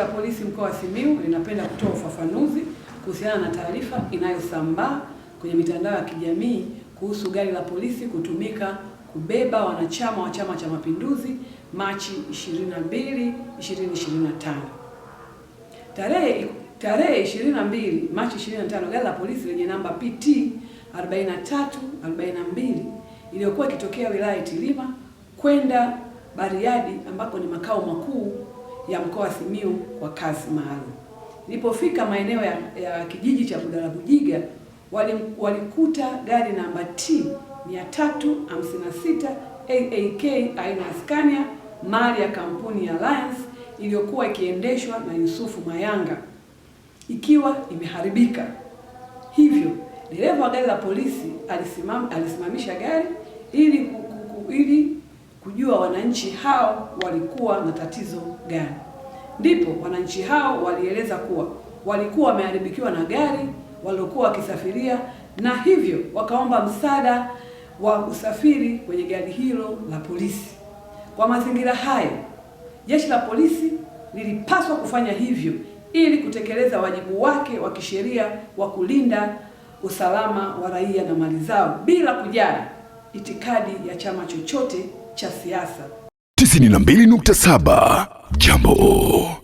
ya polisi mkoa wa Simiyu linapenda kutoa ufafanuzi kuhusiana na taarifa inayosambaa kwenye mitandao ya kijamii kuhusu gari la polisi kutumika kubeba wanachama wa Chama cha Mapinduzi Machi 22, 2025. Tarehe tarehe 22 Machi 25, gari la polisi lenye namba PT 4342 iliyokuwa ikitokea wilaya Itilima kwenda Bariadi ambako ni makao makuu ya mkoa Simiyu kwa kazi maalum. Nilipofika maeneo ya, ya kijiji cha Budalabujiga walikuta wali gari namba T 356 AAK aina ya Scania mali ya kampuni ya Alliance iliyokuwa ikiendeshwa na Yusufu Mayanga ikiwa imeharibika. Hivyo dereva wa gari la polisi alisimam, alisimamisha gari ili kujua wananchi hao walikuwa na tatizo gani. Ndipo wananchi hao walieleza kuwa walikuwa wameharibikiwa na gari waliokuwa wakisafiria na hivyo wakaomba msaada wa usafiri kwenye gari hilo la polisi. Kwa mazingira hayo, jeshi la polisi lilipaswa kufanya hivyo ili kutekeleza wajibu wake wa kisheria wa kulinda usalama wa raia na mali zao bila kujali itikadi ya chama chochote cha siasa 92.7 Jambo.